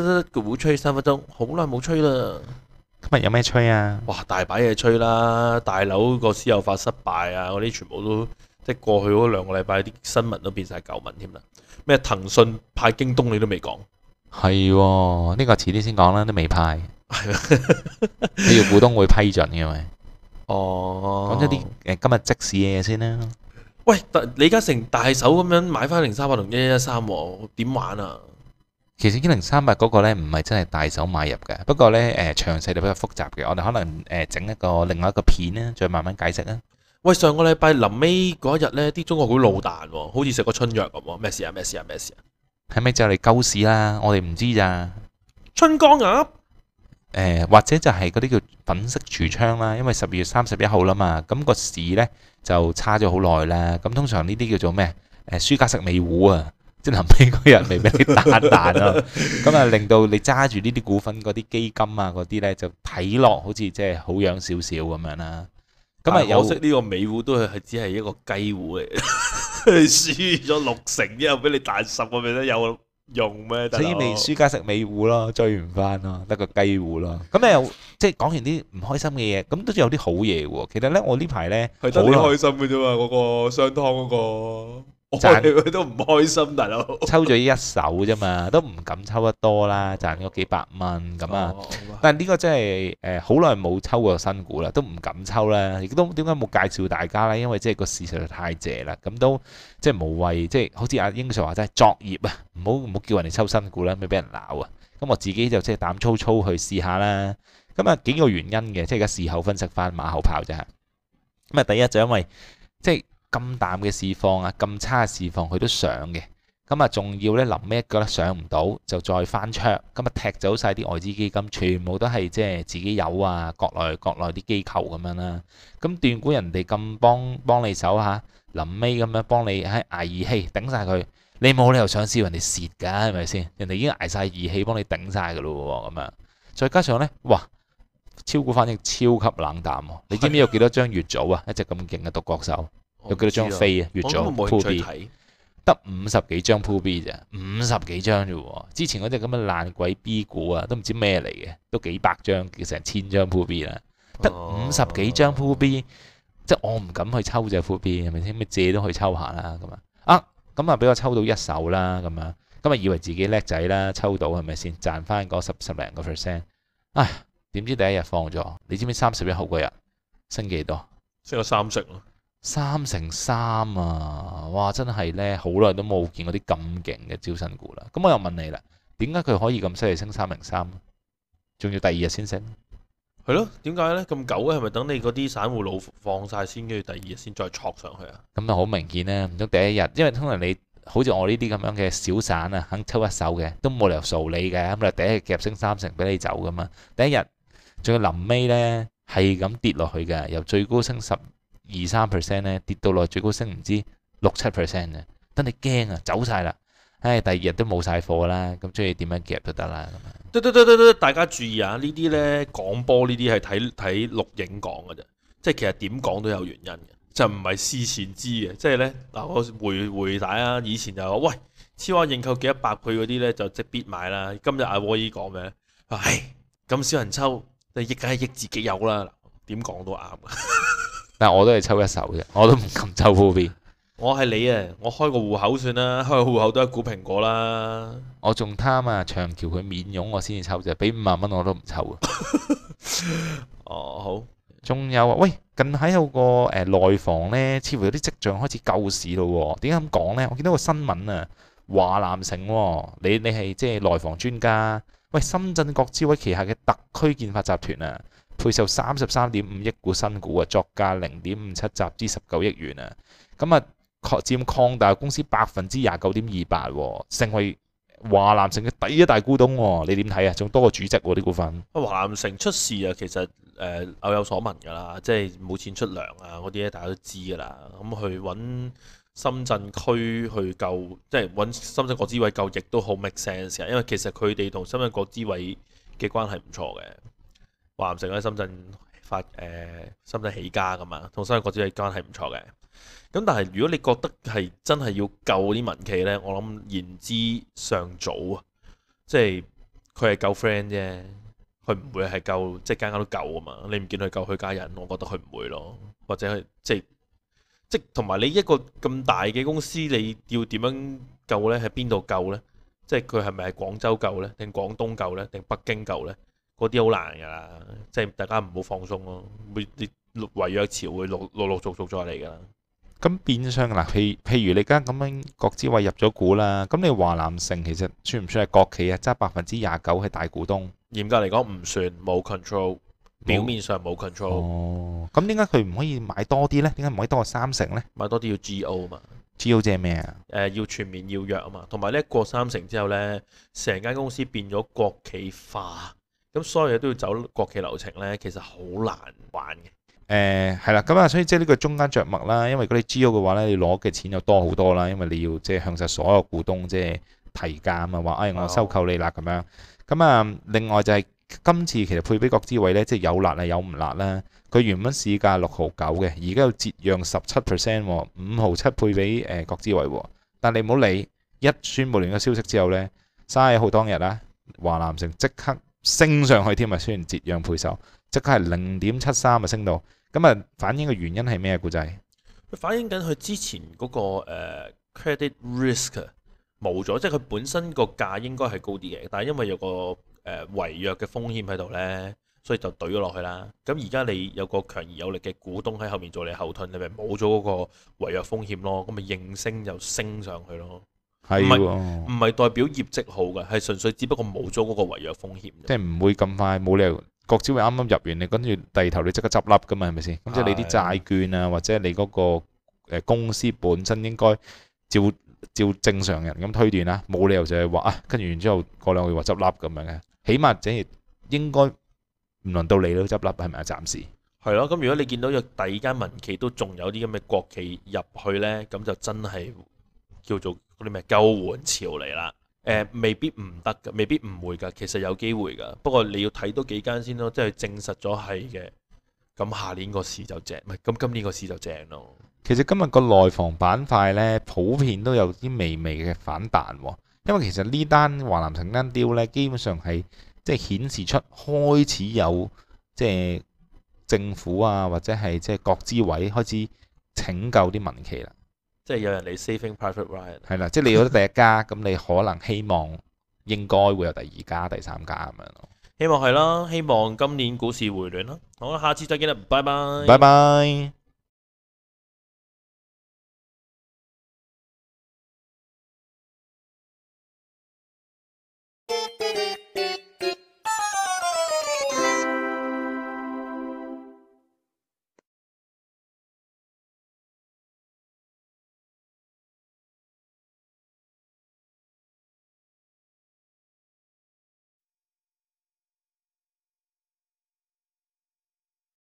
得得，股吹三分鐘，好耐冇吹啦。今日有咩吹啊？哇，大把嘢吹啦！大佬個私有化失敗啊，嗰啲全部都即係過去嗰兩個禮拜啲新聞都變晒舊聞添啦。咩騰訊派京東你都未講？係，呢個遲啲先講啦，都未派。你要股東會批准嘅咪？哦，講一啲誒，今日即時嘅嘢先啦。喂，李嘉誠大手咁樣買翻零三八同一一一三，點玩啊？其實一零三八嗰個咧唔係真係大手買入嘅，不過咧誒詳細就比較複雜嘅，我哋可能誒整一個另外一個片咧，再慢慢解釋啦。喂，上個禮拜臨尾嗰一日咧，啲中國佬老彈喎，好似食過春藥咁喎，咩事啊，咩事啊，咩事啊？係咪就嚟救市啦，我哋唔知咋。春江鴨、啊？誒、呃、或者就係嗰啲叫粉色櫥窗啦，因為十二月三十一號啦嘛，咁、那個市咧就差咗好耐啦。咁通常呢啲叫做咩？誒、呃、輸家食尾糊啊。即係臨尾嗰日未俾你打彈啦，咁啊令到你揸住呢啲股份、嗰啲基金啊、嗰啲咧就睇落好似即係好養少少咁樣啦。咁啊，可惜呢個美股都係只係一個雞股嚟，輸咗六成之後俾你彈十個 percent，有用咩？所以咪輸家食美股咯，追唔返咯，得個雞股咯。咁啊，即係講完啲唔開心嘅嘢，咁都仲有啲好嘢喎。其實咧，我呢排咧係得啲開心嘅啫嘛。嗰個商湯嗰個。賺佢都唔開心，大佬抽咗一手啫嘛， 都唔敢抽得多啦，賺咗幾百蚊咁啊！這哦、但係呢個真係誒，好耐冇抽過新股啦，都唔敢抽啦。亦都點解冇介紹大家咧？因為即係個事實在太邪啦，咁都即係無謂，即係好似阿英叔話齋作業啊，唔好唔好叫人哋抽新股啦，咪俾人鬧啊！咁我自己就即係膽粗粗去試下啦。咁啊，幾個原因嘅，即係而家事後分析翻，馬後炮就係咁啊。第一就因為即係。咁淡嘅市況啊，咁差嘅市況，佢都上嘅咁啊，仲要咧臨尾一腳咧上唔到就再翻枱咁啊，踢走晒啲外資基金，全部都係即係自己有啊，國內國內啲機構咁樣啦。咁斷估人哋咁幫幫你手嚇、啊，臨尾咁樣幫你喺捱義氣頂晒佢，你冇理由想笑人哋蝕㗎，係咪先？人哋已經捱晒義氣幫你頂晒㗎咯喎，咁啊，再加上咧哇超股，反應超級冷淡喎、啊。的你知唔知有幾多張月組啊？一隻咁勁嘅獨角獸。有幾多張飛啊？飛越咗鋪 B 得五十幾張鋪 B 啫，五十幾張啫。之前嗰啲咁嘅爛鬼 B 股啊，都唔知咩嚟嘅，都幾百張，成千張鋪 B 啦。得五十幾張鋪 B，即係我唔敢去抽隻鋪 B，係咪先？咩借都可以抽下啦，咁啊，咁啊，俾我抽到一手啦，咁啊，咁啊，以為自己叻仔啦，抽到係咪先？賺翻嗰十十零個 percent 啊？點知第一日放咗？你知唔知三十一號嗰日升幾多？升咗三成咯。三成三啊！哇，真係咧，好耐都冇見過啲咁勁嘅招新股啦。咁我又問你啦，點解佢可以咁犀利升三成三？仲要第二日先升？係咯？點解咧？咁久咧？係咪等你嗰啲散戶老放晒先，跟住第二日先再戳上去啊？咁咪好明顯咧，唔通第一日？因為通常你，好似我呢啲咁樣嘅小散啊，肯抽一手嘅，都冇理由掃你嘅，咁你第一日夾升三成俾你走噶嘛？第一日仲要臨尾咧，係咁跌落去嘅，由最高升十二三 percent 咧，跌到落最高升唔知六七 percent 啫，等你驚啊！走晒啦，唉，第二日都冇晒貨啦，咁中意點樣夾都得啦。得得得得得，大家注意啊！呢啲咧廣播呢啲係睇睇錄影講噶啫，即係其實點講都有原因嘅，就唔係事前知嘅。即係咧嗱，我回回帶啊，以前就話喂，超額認購幾一百倍嗰啲咧就即必買啦。今日阿波爾講咩？唉，咁少人抽，你益梗係益自己有啦。點講都啱 但我都係抽一手嘅，我都唔敢抽庫邊。我係你啊！我開個戶口算啦，開個戶口都係股蘋果啦。我仲貪啊，長橋佢免佣我先至抽啫，俾五萬蚊我都唔抽啊！ 哦，好。仲有啊，喂，近喺有個誒、呃、內房呢，似乎有啲跡象開始救市咯喎、哦。點解咁講呢？我見到個新聞啊，華南城喎、哦，你你係即係內房專家。喂，深圳國資委旗下嘅特區建發集團啊！配售三十三點五億股新股啊，作價零點五七集資十九億元啊，咁啊，確佔擴大公司百分之廿九點二八，成為華南城嘅第一大股東、哦。你點睇啊？仲多過主席啲、哦、股份。華南城出事啊，其實誒、呃、偶有所聞㗎啦，即係冇錢出糧啊嗰啲咧，大家都知㗎啦。咁、嗯、去揾深圳區去救，即係揾深圳國資委救，亦都好 make sense 啊。因為其實佢哋同深圳國資委嘅關係唔錯嘅。話唔成喺深圳發、呃、深圳起家噶嘛，同深圳國資嘅關係唔錯嘅。咁但係如果你覺得係真係要救啲民企呢，我諗言之尚早啊。即係佢係救 friend 啫，佢唔會係救即係間間都救啊嘛。你唔見佢救佢家人，我覺得佢唔會咯。或者係即係即係同埋你一個咁大嘅公司，你要點樣救呢？喺邊度救呢？即係佢係咪喺廣州救呢？定廣東救呢？定北京救呢？嗰啲好難㗎啦，即係大家唔好放鬆咯。每啲違約潮會陸陸陸續續再嚟㗎啦。咁變相嗱，譬譬如你而家咁樣國資委入咗股啦，咁你華南城其實算唔算係國企啊？揸百分之廿九係大股東。嚴格嚟講唔算，冇 control。表面上冇 control。哦。咁點解佢唔可以買多啲呢？點解唔可以多過三成呢？買多啲要 GO 啊嘛？GO 即係咩啊？誒、呃，要全面要約啊嘛。同埋呢過三成之後呢，成間公司變咗國企化。咁所有嘢都要走國企流程咧，其實好難玩嘅。誒、呃，係啦，咁啊，所以即係呢個中間着墨啦。因為如果你知咗嘅話咧，你攞嘅錢又多好多啦。因為你要即係向晒所有股東即係提價啊嘛，話誒、哎、我收購你啦咁樣。咁啊，另外就係、是、今次其實配俾國資委咧，即係有辣啊有唔辣啦。佢原本市價六毫九嘅，而家要折讓十七 percent，五毫七配俾誒國資委喎。但你唔好理，一宣佈完個消息之後咧，三號當日啊，華南城即刻升上去添啊，雖然折讓配售，即刻係零點七三啊，升到咁啊，反映嘅原因係咩啊？股仔，反映緊佢之前嗰個誒 credit risk 冇咗，即係佢本身個價應該係高啲嘅，但係因為有個誒違約嘅風險喺度咧，所以就懟咗落去啦。咁而家你有個強而有力嘅股東喺後面做你後盾，你咪冇咗嗰個違約風險咯，咁咪應聲就升上去咯。係唔係唔係代表業績好嘅，係純粹只不過冇咗嗰個違約風險，即係唔會咁快，冇理由國資會啱啱入完你，跟住第二頭你即刻執笠噶嘛，係咪先？咁即係你啲債券啊，的或者你嗰個誒公司本身應該照照正常人咁推斷啦，冇理由就係話啊，跟住完之後過兩個月話執笠咁樣嘅，起碼即係應該唔輪到你都執笠，係咪啊？暫時係咯，咁如果你見到有第二間民企都仲有啲咁嘅國企入去咧，咁就真係。叫做嗰啲咩救援潮嚟啦，誒未必唔得嘅，未必唔會㗎，其實有機會㗎。不過你要睇多幾間先咯，即係證實咗係嘅，咁下年個市就正，唔係咁今年個市就正咯。其實今日個內房板塊呢，普遍都有啲微微嘅反彈喎、哦，因為其實呢單華南城單調呢，基本上係即係顯示出開始有即係政府啊，或者係即係國資委開始拯救啲民企啦。即係有人嚟 Saving Private Ryan 係啦。即係你有得第一家，咁 你可能希望應該會有第二家、第三家咁樣咯。希望係啦，希望今年股市回暖啦。好啦，下次再見啦，拜拜。拜拜。